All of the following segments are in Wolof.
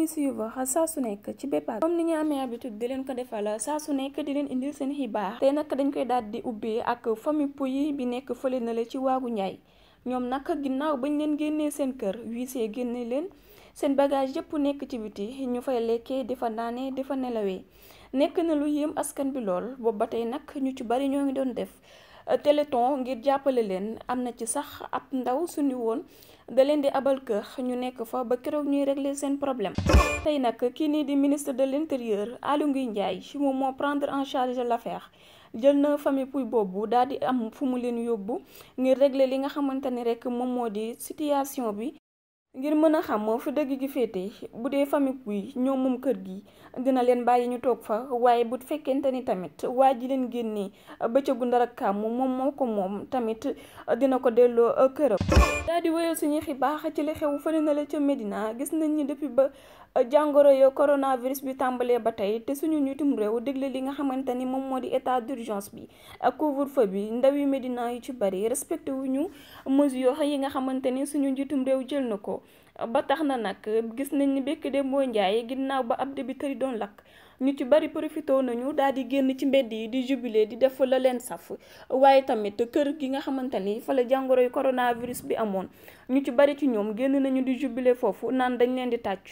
ñuy suivre saa su nekk ci Bepa comme ni ñu amee habitude di leen ko defala saa su nekk di leen indil seen xibaar te nag dañ koy daal di ubbee ak famille Pouye bi nekk fële na la ci waagu Njaay ñoom nag ginnaaw bañ leen génnee seen kër huissier génnee leen seen bagage yëpp nekk ci biti ñu fay lekkee di fa naanee dafa nelawee nekk na lu yéem askan bi lool boobu ba tey nag ñu ci bari ñoo ngi doon def euh, téléthon ngir jàppale leen am na ci sax ab ndaw suñu woon da leen di abal kër ñu nekk fa ba keroog ñuy régler seen problème. tey nag kii nii di ministre de l' intérieur Aly Ngouille Ndiaye mu moo prendre en charge l' affaire jël na famille Pouye boobu daal di am fu mu leen yóbbu ngir régler li nga xamante ni rek moom moo di situation bi. ngir mën a xam fu dëgg gi féete bu dee famille bi ñoom moom kër gi dina leen bàyyi ñu toog fa waaye bu fekkente ni tamit waa ji leen génnee bëccëgu ndara kàmm moom moo ko moom tamit dina ko delloo këram. daal di wéyal suñuy xibaax ci li xew fële na la ca Medina gis nañ ni depuis ba jàngoro yo coronavirus bi tàmbalee ba tey te suñu njiitum réew dégle li nga xamante ni moom moo di état d'urgence bi ak couvre-feu bi ndaw yi Medina yu ci bari respecté wuñu mesures yi nga xamante ni suñu njiitum réew jël na ko. ba tax na nag gis nañ ni bekk de mooy njaay ginnaaw ba ab débiteur yi doon lakk ñu ci bari profité nañu daal di génn ci mbedd yi di jubilé di def la leen saf waaye tamit kër gi nga xamante ni fa la jàngoro yu coronavirus bi amoon ñu ci bari ci ñoom génn nañu di jubilé foofu naan dañ leen di tàcc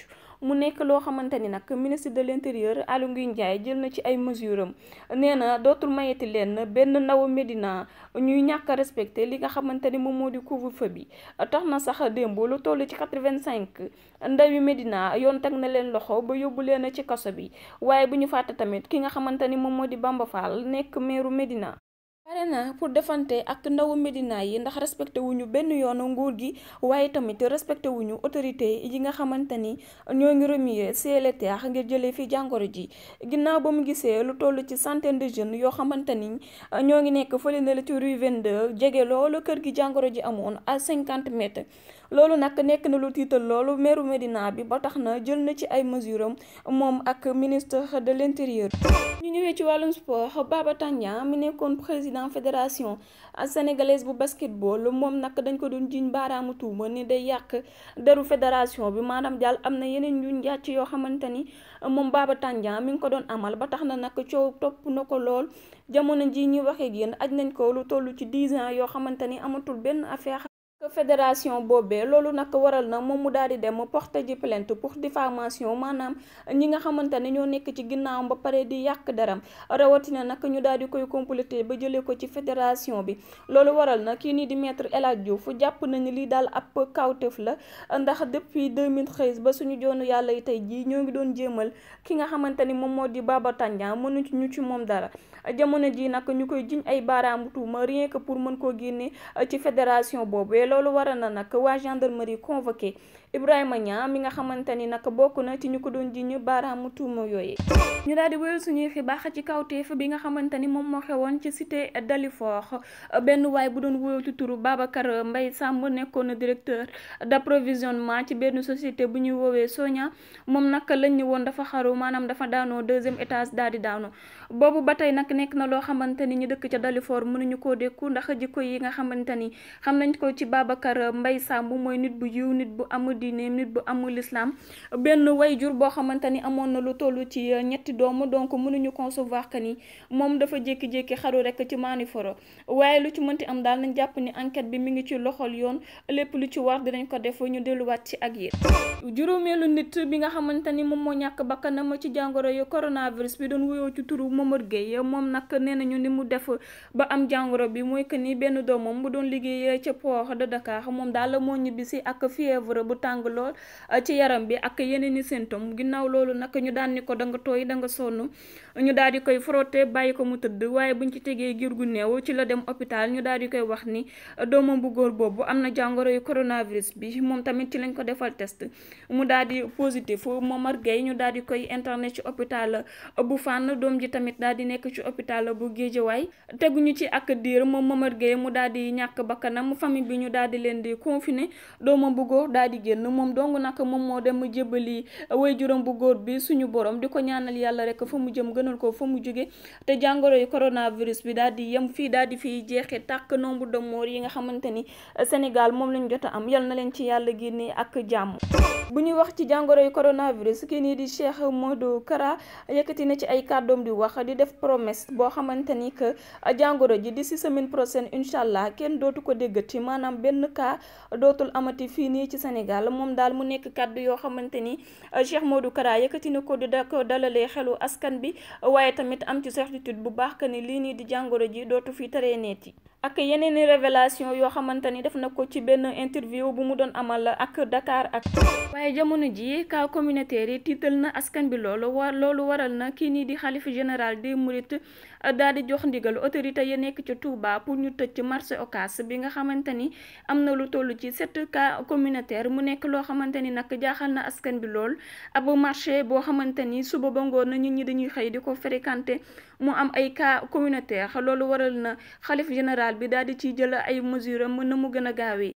mu nekk loo xamante ni nag ministre de l'intérieur Aly nguy Ndiaye jël na ci ay mesures am nee na dootul mayeti leen benn ndaw Médina ñuy ñàkk a li nga xamante ni moom moo di couvre-feu bi tax na sax démb lu toll ci quatre cinq ndawi Médina yoon teg na leen loxo ba yóbbu leen ci kaso bi waaye bu ñu fàttee tamit ki nga xamante ni moom moo di Bamba nekk meeru Médina pare na pour defante ak ndawu Médina yi ndax respecté wuñu benn yoon nguur gi waaye tamit respecté wuñu autorité yi nga xamante ni ñoo ngi remuer CLTA ngir jëlee fi jàngoro ji ginnaaw ba mu gisee lu toll ci centaine de jeunes yoo xamante ni ñoo ngi nekk fële na la ci rue 22 jege loolu kër gi jàngoro ji amoon à 50 mètres. loolu nag nekk na lu tiital loolu meeru Médina bi ba tax na jël na ci ay mesures moom ak ministre de l'intérieur. ñu ñëwee ci wàllum sport Baba Tandian mi nekkoon président fédération sénégalaise bu basketball moom nag dañ ko doon jiñ baaraamu tuuma ni day yàq daru fédération bi maanaam daal am na yeneen yu njàcc yoo xamante ni moom Baba Tandian mi ngi ko doon amal ba tax na nag coow topp na ko lool jamono ji ñuy waxee ak yéen aj nañ ko lu toll ci 10 ans yoo xamante ni amatul benn affaire. fédération boobee loolu nag waral na moom mu daal di dem porte ji plainte pour diffamation maanaam ñi nga xamante ne ñoo nekk ci ginnaawam ba pare di yàq daram rawatina nag ñu daal di koy complété ba jëlee ko ci fédération bi loolu waral na kii nii di maître El Hadj Diouf jàpp nañu li daal ab kawtef la ndax depuis 2013 ba suñu joonu yàlla tey jii ñoo ngi doon jéemal ki nga xamante ni moom moo di Baba Tandian mënu ci ñu ci moom dara jamono ji nag ñu koy ji ay baaraamu tuuma rien que pour mën koo génne ci fédération boobee loolu waral na nag waa gendarmerie convoqué Ibrahima Niang mi nga xamante ni nag bokk na ci ñu ko doon jiiñ baaraamu tuuma yooyu. ñu daal di wéyal suñuy xibaar ci kawteef bi nga xamante ni moom moo xewoon ci cité Dalifort benn waay bu doon wuyoo ci turu Babacar Mbaye Samb nekkoon directeur d'approvisionnement ci benn société bu ñuy woowee Sonia moom nag lañ ñu woon dafa xaru maanaam dafa daanoo deuxième étage daal di daanoo boobu ba tey nag nekk na loo xamante ni ñu dëkk ca Dalifort mënuñu koo dékku ndax jikko yi nga xamante ni xam nañ ko ci Babacar mbay Samb mooy nit bu yiw nit bu am diine nit bu amul l'islam benn wayjur boo xamante ni amoon na lu toll ci euh, ñetti doom donc mënuñu concevoir que ni moom dafa jékki-jékki xaru rek ci maaniforo waaye lu ci mënti am daal nañ jàpp ni enquête bi mi ngi ci loxol yoon lépp lu ci war dinañ ko def ñu delluwaat ci ak yéen. juróomeelu nit bi nga xamante ni moom moo ñàkk bakkanam ci jàngoro yu coronavirus bi doon wuyoo ci turu Momar Gueye moom nag nee ñu ni mu def ba am jàngoro bi mooy que ni benn doomam bu doon liggéey ca port tàng lool euh, ci yaram bi ak yeneen i symptôme loolu nag ñu daan ko da nga tooy da nga sonn ñu daal di koy frotter bàyyi ko mu tëdd waaye buñ ci tegee giir gu néew ci la dem hôpital ñu daal di koy wax ni euh, doomam bu góor boobu am na jàngoro yu bi moom tamit ci lañ ko defal test mu daal di positif Momar Gueye ñu daal di koy internet ci hôpital euh, bu Fann doom ji tamit daal di nekk ci hôpital bu Guédiawaye teguñu ci ak diir moom Momar Gueye mu daal di ñàkk bakkanam famille bi ñu daal leen di confiné doomam bu góor daal génn moom dong nag moom moo dem jébbali way juróom bu góor bi suñu borom di ko ñaanal yàlla rek fa mu jëm gënal ko fa mu jóge te jàngoro yu coronavirus bi daal di yem fii daal di fiy jeexee tàkk nombre de morts yi nga xamante ni Sénégal moom lañ jot a am yal na leen ci yàlla génne ak jàmm. bu ñuy wax ci jàngoro yu coronavirus kii nii di Cheikh Modou Kara yëkkati na ci ay kàddoom di wax di def promesse boo xamante ni que jàngoro ji d'ici semaine prochaine incha allah kenn dootu ko déggati maanaam benn cas dootul amati fii nii ci Sénégal. Sall moom daal mu nekk kàddu yoo xamante ni euh, Cheikh Modou Kara yëkkati na ko di da ko dalalee xelu askan bi waaye tamit am ci certitude bu baax que ni lii nii di jàngoro ji dootu fi taree neeti ak yeneen i révélation yoo xamante ni def na ko ci benn interview bu mu doon amal ak Dakar ak. waaye jamono ji cas communautaire yi tiital na askan bi loolu war loolu waral na kii nii di xalifa général des Mourides uh, daal di jox ndigal autorité yi nekk ci Touba pour ñu tëj marché Ocass bi nga xamante ni am na lu toll ci sept cas communautaire mu nekk loo xamante ni nag jaaxal na askan bi lool ab marché boo xamante ni suba ba ngoon na nit ñi dañuy xëy di ko fréquenter. mu am ay cas communautaire loolu waral na xalif général bi daal di ciy jël ay mesures am na mu gën a gaawee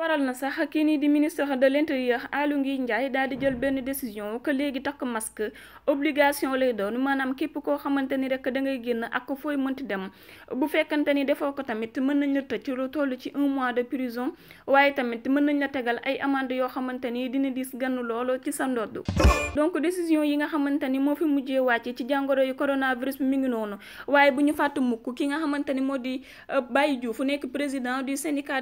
waral na sax kii nii di ministre de l'intérieur Aly Ngouille Ndiaye daal di jël benn décision que léegi takk masque obligation lay doon maanaam képp koo xamante ni rek da ngay génn ak fooy mënti dem bu fekkante ni defoo ko tamit mën nañ la tëj lu toll ci un mois de prison waaye tamit mën nañ la tegal ay amande yoo xamante ni dina diis gann loolu ci sa ndodd donc décision yi nga xamante ni moo fi mujjee wàcc ci jàngoro yu coronavirus bi mi ngi noonu wa bu ñu fàtte mukk ki nga xamante ni moo di euh, Baye Diouf nekk président du syndicat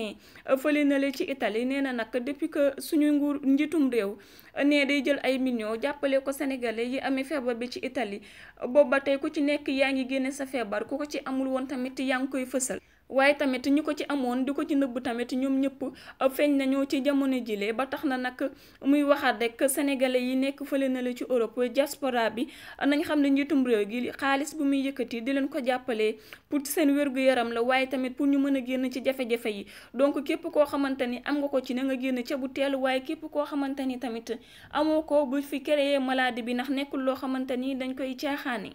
Marocain euh, fële na le ci Italie nee na nag depuis que suñu nguur njiitum réew euh, nee day jël ay millions jàppale ko sénégalais yi amee feebar bi ci itali euh, boobu ba tey ku ci nekk yaa ngi génne sa feebar ku ko ci amul woon tamit yaa ngi koy fësal. waaye tamit ñu ko ci amoon di ko ci nëbb tamit ñoom ñëpp euh, feeñ nañu ci jamono jile ba tax na nag muy waxaat rek sénégalais yi nekk fële na la ci Europe diaspora bi nañ xam ne njiitum réew gi xaalis bu muy yëkkati di leen ko jàppale pour seen wér-gu-yaram la waaye tamit pour ñu mën a génn ci jafe-jafe yi donc képp koo xamante ni am nga ko ci na nga génn ca bu teel waaye képp koo xamante ni tamit amoo ko bu fi créer maladie bi ndax nekkul loo xamante ni dañ koy caaxaane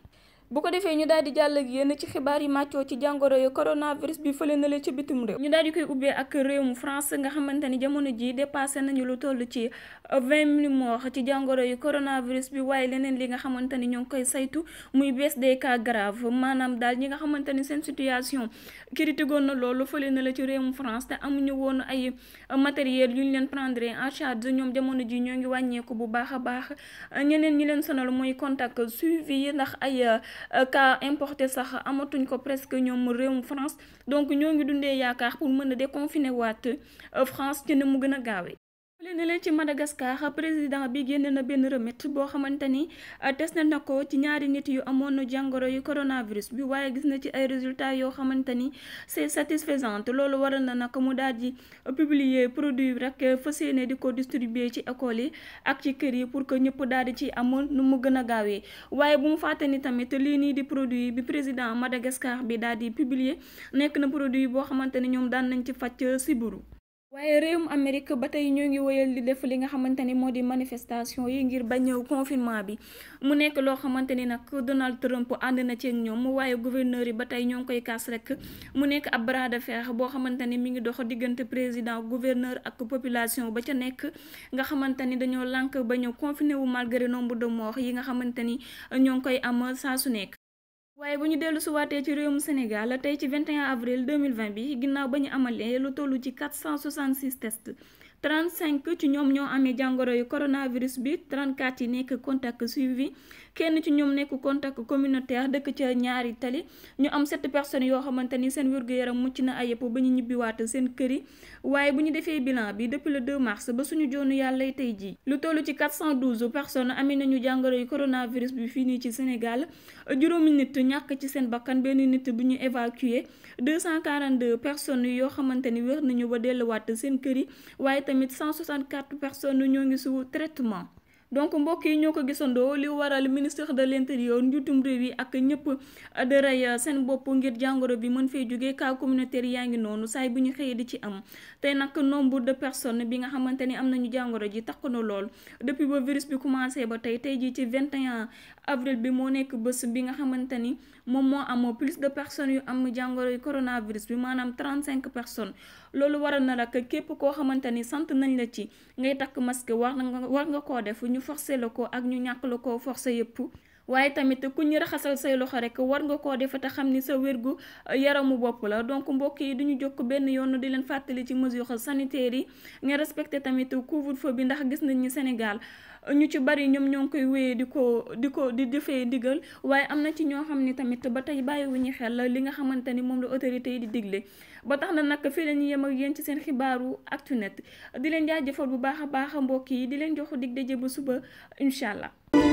bu ko defee ñu daal di jàll ak ci xibaar yi màccoo ci jàngoro yu coronavirus bi fële na la ci bitim réew. ñu daal di koy ubbee ak réewum France nga xamante ni jamono jii dépassé nañu lu toll ci vingt mille morts ci jàngoro yu coronavirus bi waaye leneen li nga xamante ni ñoo ngi saytu muy baisse des cas maanaam daal ñi nga xamante ni seen situation critique na loolu fële na la ci réewum France amuñu woon ay matériel yu ñu leen prendre en charge ñoom jamono jii ñoo ngi wàññeeku bu baax a baax ñeneen ñi leen sonal mooy contact suivi ndax ay. ka euh, importé sax amatuñ ko presque ñoom réew mu France donc ñoo ngi dundee yaakaar pour mën a déconfiné waat euh, France ci ne mu gën a gaawee. leen leen ci Madagascar président bi génnee na benn remède boo xamante ni test ah, na ko ci ñaari nit yu amoon jàngoro yu coronavirus bi waaye gis na ci ay résultats yoo xamante ni c'est satisfaisant loolu waral na nag mu daal di ah, publier produit bi rek fas yéene di ko distribuer ci école yi ak ci kër yi pour que ñëpp daal di ci amoon nu mu gën a gaawee waaye bu mu fàtte ni tamit lii nii di produit bi président Madagascar bi daal di publier nekk na produit boo xamante ni ñoom daan nañ ci faj siburu waaye réewum Amérique ba tey ñoo ngi woyal di def li nga xamante ni moo di manifestation yi ngir ba ñëw confinement bi mu nekk loo xamante ni nag Donald Trump ànd na ci ñoom ñoom waaye gouverneur yi ba tey ñoo ngi koy kaas rek mu nekk ab baraada de boo xamante ni mi ngi dox diggante président gouverneur ak population ba ca nekk nga xamante ni dañoo lànk ba ñëw confiné wu malgré nombre de morts yi nga xamante ni ñoo ngi koy am saa su nekk. waaye bu ñu dellu suwaatee ci réewum Sénégal tey ci 21 avril 2020 bi ginnaaw ba ñu amalee lu tollu ci 466 tests 35 ci ñoom ñoo amee jàngoro yu coronavirus bi 34 yi nekk contact suivi kenn ci ñoom nekk contact communautaire dëkk ca ñaari tali ñu am sept personnes yoo xamante ni seen wér yaram mucc na ayëpp ba ñu ñibbiwaat seen kër yi waaye bu ñu defee bilan bi depuis le 2 mars ba suñu joonu yàlla tey jii lu toll ci 412 personnes amee nañu jàngoro yu coronavirus bi fii nii ci Sénégal juróomi nit ñàkk ci seen bakkan benn nit bu ñu évacué 242 personnes yoo xamante ni wér nañu ba delluwaat seen kër yi waaye tamit 164 personnes ñoo ngi su traitement donc mbokk yi ñoo ko gisandoo li waral ministre de l'intérieur njuutum réew yi ak ñëpp di rey seen bopp ngir jàngoro bi mën fee jógee cas communautaire yaa ngi noonu saay bu ñu xëyee di ci am tey nag nombre de personne bi nga xamante ni am nañu jàngoro ji takk na lool depuis ba virus bi commencé ba tey tey jii ci 21 avril bi moo nekk bés bi nga xamante ni moom moo am plus de personnes yu am jàngoro yu coronavirus bi maanaam 35 personne loolu waral na nag képp koo xamante ni sant nañ la ci ngay takk masque war nga war nga koo forse la ko ak ñu ñàkk la ko forse yëpp waaye tamit ku ñu raxasal say loxo rek war nga koo def te xam ni sa wérgu uh, yaramu bopp la donc mbokk yi duñu jokk benn yoon di leen fàttali ci mesures sanitaires yi nga respecté tamit couvre-feu bi ndax gis nañ ni Sénégal uh, ñu ci bari ñoom ñoo ngi koy wéyee di ko di ko di defee ndigal waaye am na ci ñoo xam ni tamit ba tey bàyyiwuñu xel li nga xamante ni moom la autorité yi di digle ba tax na nag fii la ñuy yem yéen ci seen xibaaru Actunet di leen jaajëfal bu baax a baax mbokk yi di leen jox dig daje ba suba incha allah.